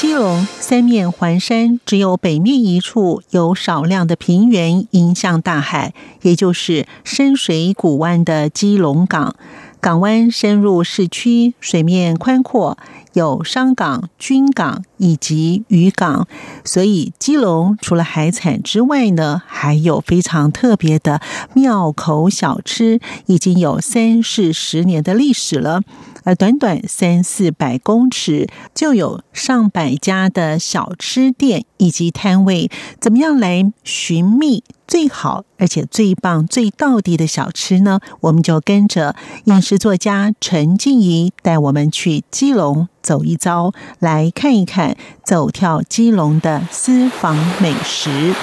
基隆三面環山，只有北面一處有少量的平原迎向大海，也就是深水谷灣的基隆港。港灣深入市區，水面寬闊，有商港、軍港以及漁港。所以，基隆除了海產之外呢，還有非常特別的廟口小吃，已經有三四十年的歷史了。呃，短短三四百公尺就有上百家的小吃店以及攤位，怎麼樣來尋覓最好而且最棒、最道地的小吃呢？我們就跟着飲食作家陳靜宜帶我們去基隆走一遭，來看一看走跳基隆的私房美食。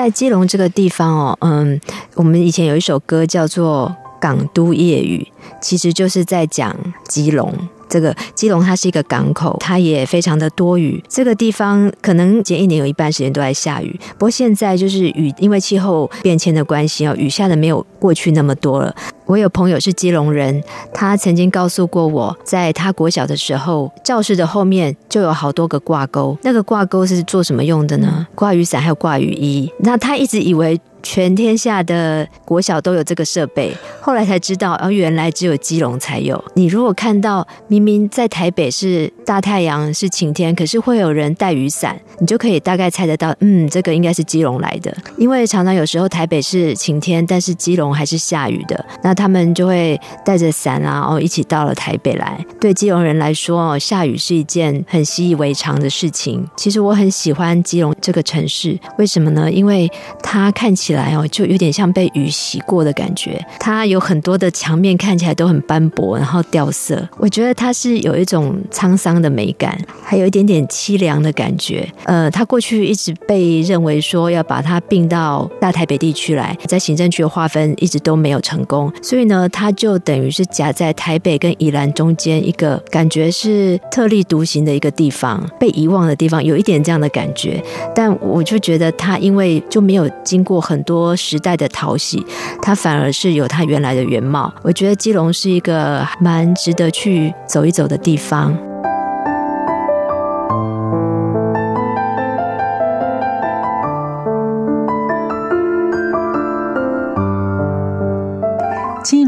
在基隆這個地方哦，嗯，我們以前有一首歌叫做《港都夜雨》，其實就是在講基隆。這個基隆它是一個港口，它也非常的多雨。這個地方可能前一年有一半時間都在下雨。不過現在就是雨，因為氣候變遷的關係哦，雨下的沒有過去那麼多了。我有朋友是基隆人，他曾經告訴過我，在他國小的時候，教室的後面就有好多個掛鈎。那個掛鈎是做什麼用的呢？掛雨傘還有掛雨衣。那他一直以為全天下的國小都有這個設備，後來才知道，哦，原來只有基隆才有。你如果看到明明在台北是大太陽、是晴天，可是會有人帶雨傘，你就可以大概猜得到，嗯，這個應該是基隆來的，因為常常有時候台北是晴天，但是基隆還是下雨的。那他們就會帶着傘啊，然後、哦、一起到了台北來。對基隆人來說、哦，下雨是一件很習以為常的事情。其實我很喜歡基隆這個城市，為什麼呢？因為它看起來哦，就有點像被雨洗過的感覺。它有很多的牆面看起來都很斑駁，然後掉色。我覺得它是有一種滄桑的美感，還有一點點淒涼的感覺。呃，它過去一直被認為說要把它併到大台北地區來，在行政區的劃分一直都沒有成功。所以呢，它就等於是夾在台北跟宜蘭中間，一個感覺是特立獨行的一個地方，被遺忘的地方，有一點這樣的感覺。但我就覺得它因為就沒有經過很多時代的淘洗，它反而是有它原來的原貌。我覺得基隆是一個蠻值得去走一走的地方。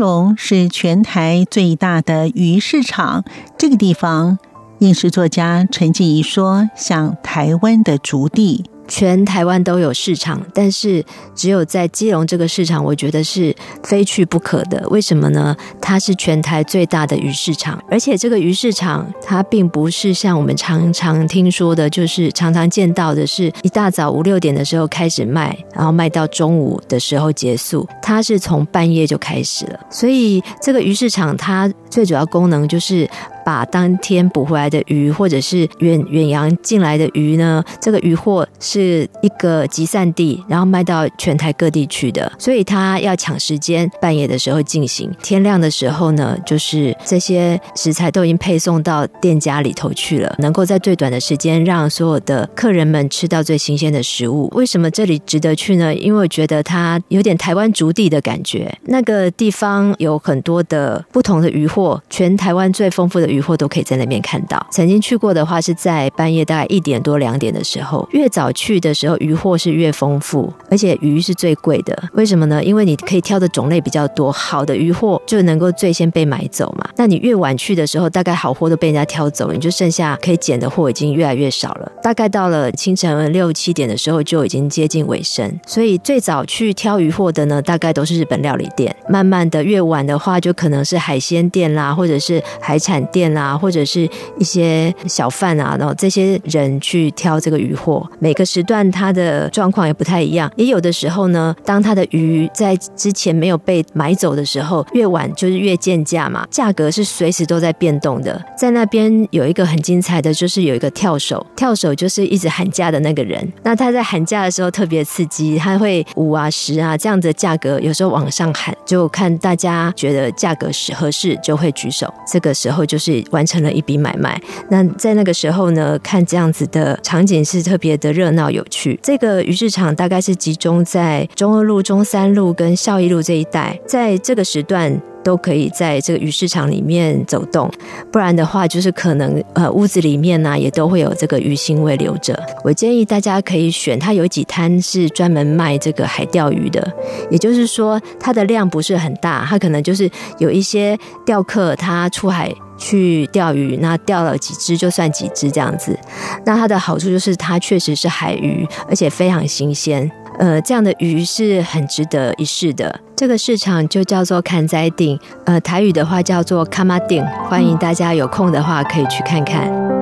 龍是全台最大的魚市場，這個地方，飲食作家陳靜宜說，像台灣的築地。全台灣都有市場，但是只有在基隆這個市場，我覺得是非去不可的。為什麼呢？它是全台最大的魚市場，而且這個魚市場它並不是像我們常常聽說的，就是常常見到的是一大早五六點的時候開始賣，然後賣到中午的時候結束。它是從半夜就開始了，所以這個魚市場它最主要功能就是。把當天捕回來的魚，或者是遠遠洋進來的魚呢，這個漁貨是一個集散地，然後賣到全台各地去的。所以他要搶時間，半夜的時候進行，天亮的時候呢，就是這些食材都已經配送到店家裡頭去了，能夠在最短的時間讓所有的客人們吃到最新鮮的食物。為什麼這裡值得去呢？因為我覺得它有點台灣築地的感覺，那個地方有很多的不同的魚貨，全台灣最豐富的魚貨。魚貨都可以在那邊看到。曾經去過的話，是在半夜大概一點多、兩點的時候。越早去的時候，魚貨是越豐富，而且魚是最貴的。為什麼呢？因為你可以挑的種類比較多，好的魚貨就能夠最先被買走嘛。那你越晚去的時候，大概好貨都被人家挑走，你就剩下可以撿的貨已經越來越少了。大概到了清晨六七點的時候，就已經接近尾聲。所以最早去挑魚貨的呢，大概都是日本料理店。慢慢的，越晚的話，就可能是海鮮店啦，或者是海產店。店啊，或者是一些小販啊，然後這些人去挑這個魚貨，每個時段它的狀況也不太一樣。也有的時候呢，當它的魚在之前沒有被買走的時候，越晚就是越賤價嘛，價格是隨時都在變動的。在那邊有一個很精彩的就是有一個跳手，跳手就是一直喊價的那個人。那他在喊價的時候特別刺激，他會五啊十啊這樣的價格，有時候往上喊，就看大家覺得價格是合適就會舉手。這個時候就是。完成了一筆買賣。那在那個時候呢，看這樣子的場景是特別的熱鬧有趣。這個魚市場大概是集中在中二路、中三路跟孝一路這一帶，在這個時段都可以在這個魚市場裡面走動。不然的話，就是可能呃屋子裡面呢、啊、也都會有這個魚腥味留着。我建議大家可以選它有幾攤是專門賣這個海釣魚的，也就是說它的量不是很大，它可能就是有一些釣客他出海，去釣魚，那釣了幾隻就算幾隻這樣子。那它的好處就是它確實是海魚，而且非常新鮮。呃，這樣的魚是很值得一試的。這個市場就叫做崁仔頂，呃，台語的話叫做崁仔頂。歡迎大家有空的話可以去看看。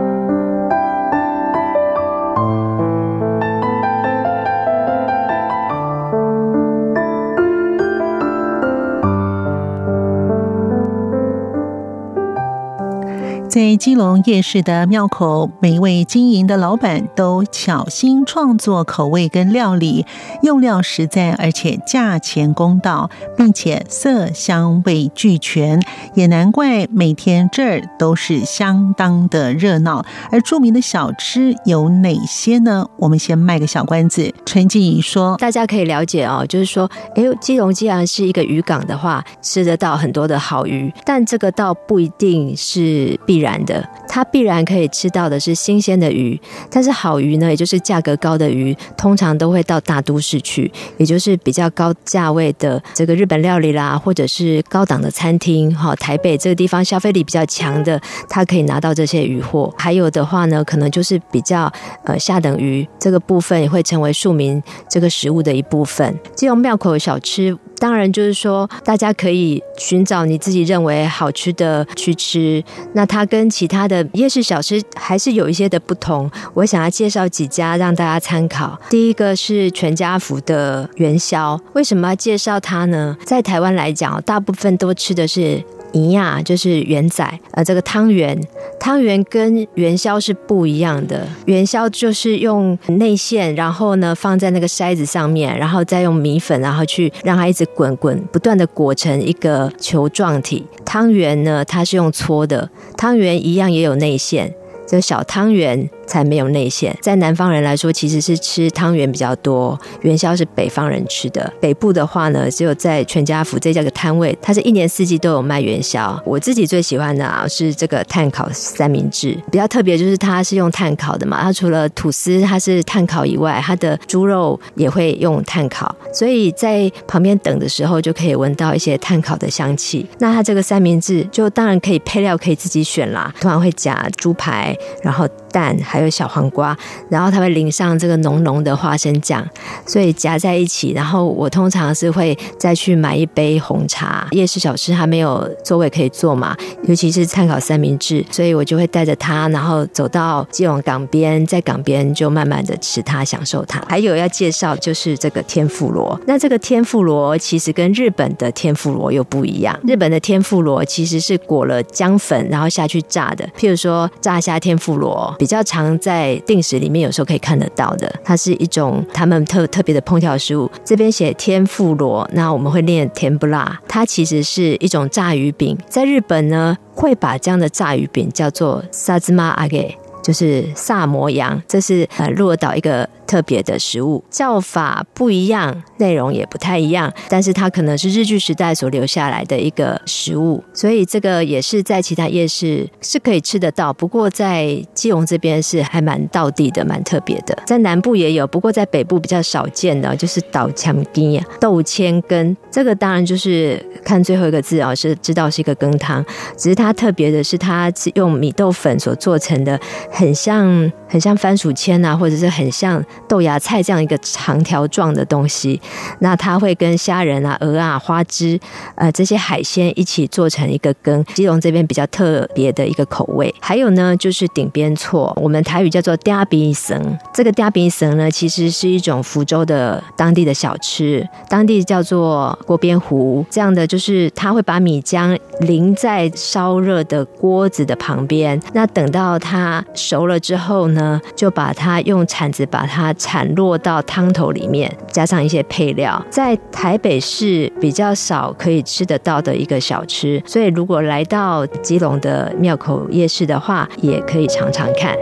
在基隆夜市的廟口，每一位經營的老板都巧心創作口味跟料理，用料實在，而且價錢公道，並且色香味俱全，也難怪每天這兒都是相當的熱鬧。而著名的小吃有哪些呢？我們先賣個小關子。陳靜宜說：“大家可以了解哦，就是說，哎，基隆既然是一個漁港的話，吃得到很多的好魚，但這個倒不一定是必然。”然的，它必然可以吃到的是新鮮的魚，但是好魚呢，也就是價格高的魚，通常都會到大都市去，也就是比較高價位的這個日本料理啦，或者是高檔的餐廳。哈，台北這個地方消費力比較強的，他可以拿到這些魚貨。還有的話呢，可能就是比較呃下等魚這個部分，也會成為庶民這個食物的一部分。基隆廟口小吃。當然，就是說，大家可以尋找你自己認為好吃的去吃。那它跟其他的夜市小吃還是有一些的不同。我想要介紹幾家讓大家參考。第一個是全家福的元宵，為什麼要介紹它呢？在台灣來講，大部分都吃的是。一樣就是圓仔，呃，這個湯圓，湯圓跟元宵是不一樣的。元宵就是用內餡，然後呢，放在那個篩子上面，然後再用米粉，然後去讓它一直滾滾，不斷的裹成一個球狀體。湯圓呢，它是用搓的，湯圓一樣也有內餡，這個小湯圓才沒有內餡，在南方人來說，其實是吃湯圓比較多，元宵是北方人吃的。北部的話呢，只有在全家福這家的攤位，它是一年四季都有賣元宵。我自己最喜歡的啊，是這個炭烤三明治，比較特別就是它是用炭烤的嘛，它除了吐司它是炭烤以外，它的豬肉也會用炭烤，所以在旁邊等的時候就可以聞到一些炭烤的香氣。那它這個三明治就當然可以配料可以自己選啦，通常會夾豬排，然後。蛋還有小黃瓜，然後它會淋上這個濃濃的花生醬，所以夾在一起。然後我通常是會再去買一杯紅茶。夜市小吃還沒有座位可以坐嘛，尤其是參考三明治，所以我就會帶着它，然後走到基隆港邊，在港邊就慢慢的吃它，享受它。還有要介紹就是這個天婦羅，那這個天婦羅其實跟日本的天婦羅又不一樣。日本的天婦羅其實是裹了薑粉，然後下去炸的。譬如說炸蝦天婦羅。比較常在定食裡面，有時候可以看得到的。它是一種他們特特別的烹調食物。這邊寫天婦羅，那我們會念甜不辣，它其實是一種炸魚餅。在日本呢，會把這樣的炸魚餅叫做薩茲瑪阿給，就是薩摩羊，這是呃鹿兒島一個。特別的食物叫法不一樣，內容也不太一樣，但是它可能是日據時代所留下來的一個食物，所以這個也是在其他夜市是可以吃得到。不過在基隆這邊是還蠻道地的，蠻特別的。在南部也有，不過在北部比較少見的，就是島槍羹呀豆簽羹。這個當然就是看最後一個字啊，是知道是一個羹湯，只是它特別的是，它是用米豆粉所做成的，很像很像番薯簽啊，或者是很像。豆芽菜這樣一個長條狀的東西，那它會跟蝦仁啊、蚵啊、花枝呃這些海鮮一起做成一個羹，基隆這邊比較特別的一個口味。還有呢，就是鼎邊趖，我們台語叫做鼎邊趖。這個鼎邊趖呢，其實是一種福州的當地的小吃，當地叫做鍋邊糊。這樣的就是它會把米漿淋在燒熱的鍋子的旁邊，那等到它熟了之後呢，就把它用鏟子把它散落到湯頭裡面，加上一些配料，在台北市比較少可以吃得到的一個小吃，所以如果來到基隆的廟口夜市的話，也可以嚐嚐看。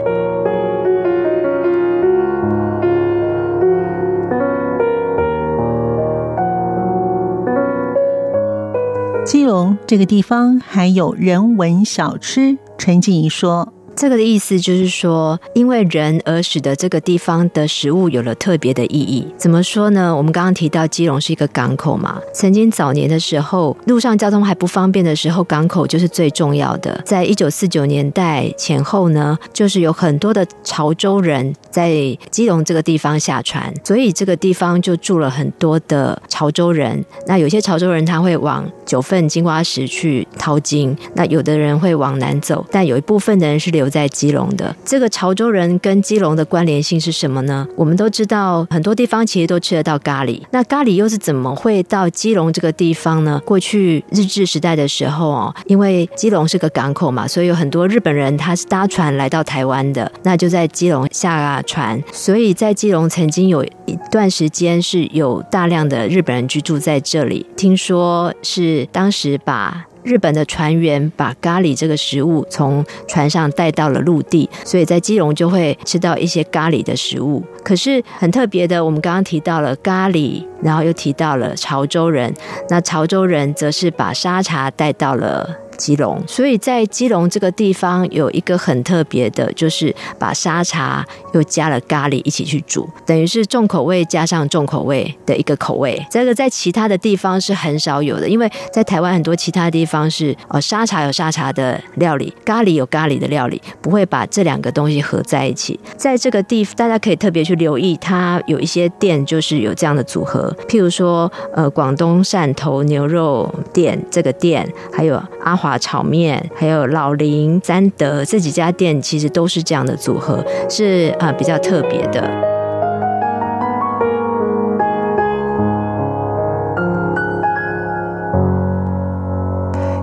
基隆這個地方還有人文小吃，陳靜宜說。這個的意思就是說，因為人而使得這個地方的食物有了特別的意義。怎麼說呢？我們剛剛提到基隆是一個港口嘛，曾經早年的時候，路上交通還不方便的時候，港口就是最重要的。在一九四九年代前後呢，就是有很多的潮州人在基隆這個地方下船，所以這個地方就住了很多的潮州人。那有些潮州人他會往九份金瓜石去淘金，那有的人會往南走，但有一部分的人是留。在基隆的這個潮州人跟基隆的關聯性是什麼呢？我們都知道很多地方其實都吃得到咖喱，那咖喱又是怎麼會到基隆這個地方呢？過去日治時代的時候哦，因為基隆是個港口嘛，所以有很多日本人他是搭船來到台灣的，那就在基隆下船，所以在基隆曾經有一段時間是有大量的日本人居住在這裡，聽說是當時把。日本的船員把咖喱這個食物從船上帶到了陸地，所以在基隆就會吃到一些咖喱的食物。可是很特別的，我們剛剛提到了咖喱，然後又提到了潮州人，那潮州人則是把沙茶帶到了。基隆，所以在基隆這個地方有一個很特別的，就是把沙茶又加了咖喱一起去煮，等於是重口味加上重口味的一個口味。這個在其他的地方是很少有的，因為在台灣很多其他地方是哦，沙茶有沙茶的料理，咖喱有咖喱的料理，不會把這兩個東西合在一起。在這個地，大家可以特別去留意，它有一些店就是有這樣的組合，譬如說呃，廣東汕頭牛肉。店這個店，還有阿華炒麵，還有老林、詹德這幾家店，其實都是這樣的組合，是啊、呃、比較特別的。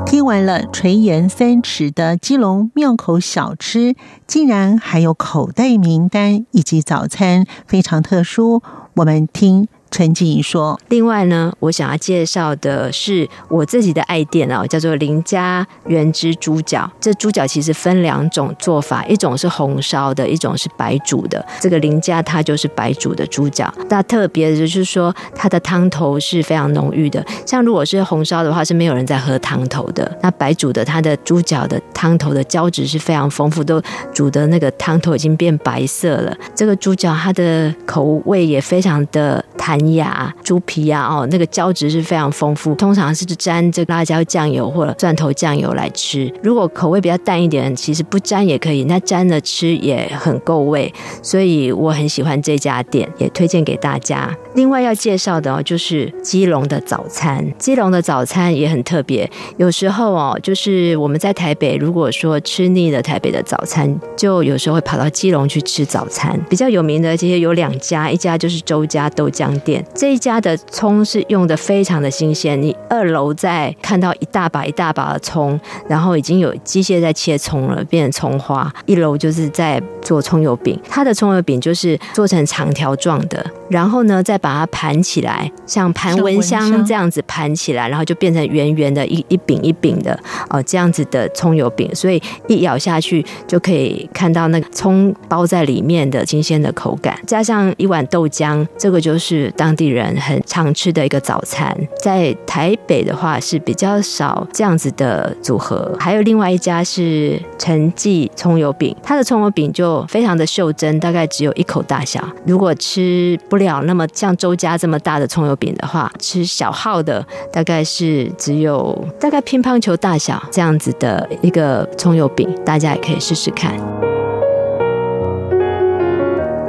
聽完了垂涎三尺的基隆廟口小吃，竟然還有口袋名單以及早餐非常特殊，我們聽。陳靜宜說：“另外呢，我想要介紹的是我自己的愛店哦，叫做林家原汁豬腳。這豬腳其實分兩種做法，一種是紅燒的，一種是白煮的。這個林家它就是白煮的豬腳。那特別的就是說，它的湯頭是非常濃郁的。像如果是紅燒的話，是沒有人在喝湯頭的。那白煮的，它的豬腳的湯頭的膠質是非常豐富，都煮的那個湯頭已經變白色了。這個豬腳它的口味也非常的。”彈牙，豬皮啊，哦，那個膠質是非常豐富，通常是沾這個辣椒醬油或者蒜頭醬油來吃。如果口味比較淡一點，其實不沾也可以，那沾了吃也很夠味。所以我很喜歡這家店，也推薦給大家。另外要介紹的哦，就是基隆的早餐。基隆的早餐也很特別，有時候哦，就是我們在台北，如果說吃膩了台北的早餐，就有時候會跑到基隆去吃早餐。比較有名的這些有兩家，一家就是周家豆漿。店這一家的蔥是用的非常的新鮮，你二樓在看到一大把一大把的蔥，然後已經有機械在切蔥了，變成蔥花。一樓就是在做蔥油餅，它的蔥油餅就是做成長條狀的，然後呢再把它盤起來，像盤蚊香這樣子盤起來，然後就變成圓圓的一一餅一餅的哦，這樣子的蔥油餅，所以一咬下去就可以看到那個蔥包在裡面的新鮮的口感，加上一碗豆漿，這個就是。當地人很常吃的一個早餐，在台北的話是比較少這樣子的組合。還有另外一家是陳記蔥油餅，它的蔥油餅就非常的袖珍，大概只有一口大小。如果吃不了那麼像周家這麼大的蔥油餅的話，吃小號的大概是只有大概乒乓球大小這樣子的一個蔥油餅，大家也可以試試看。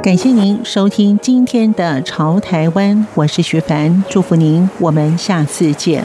感謝您收聽今天的《潮台灣》，我是徐凡，祝福您，我們下次見。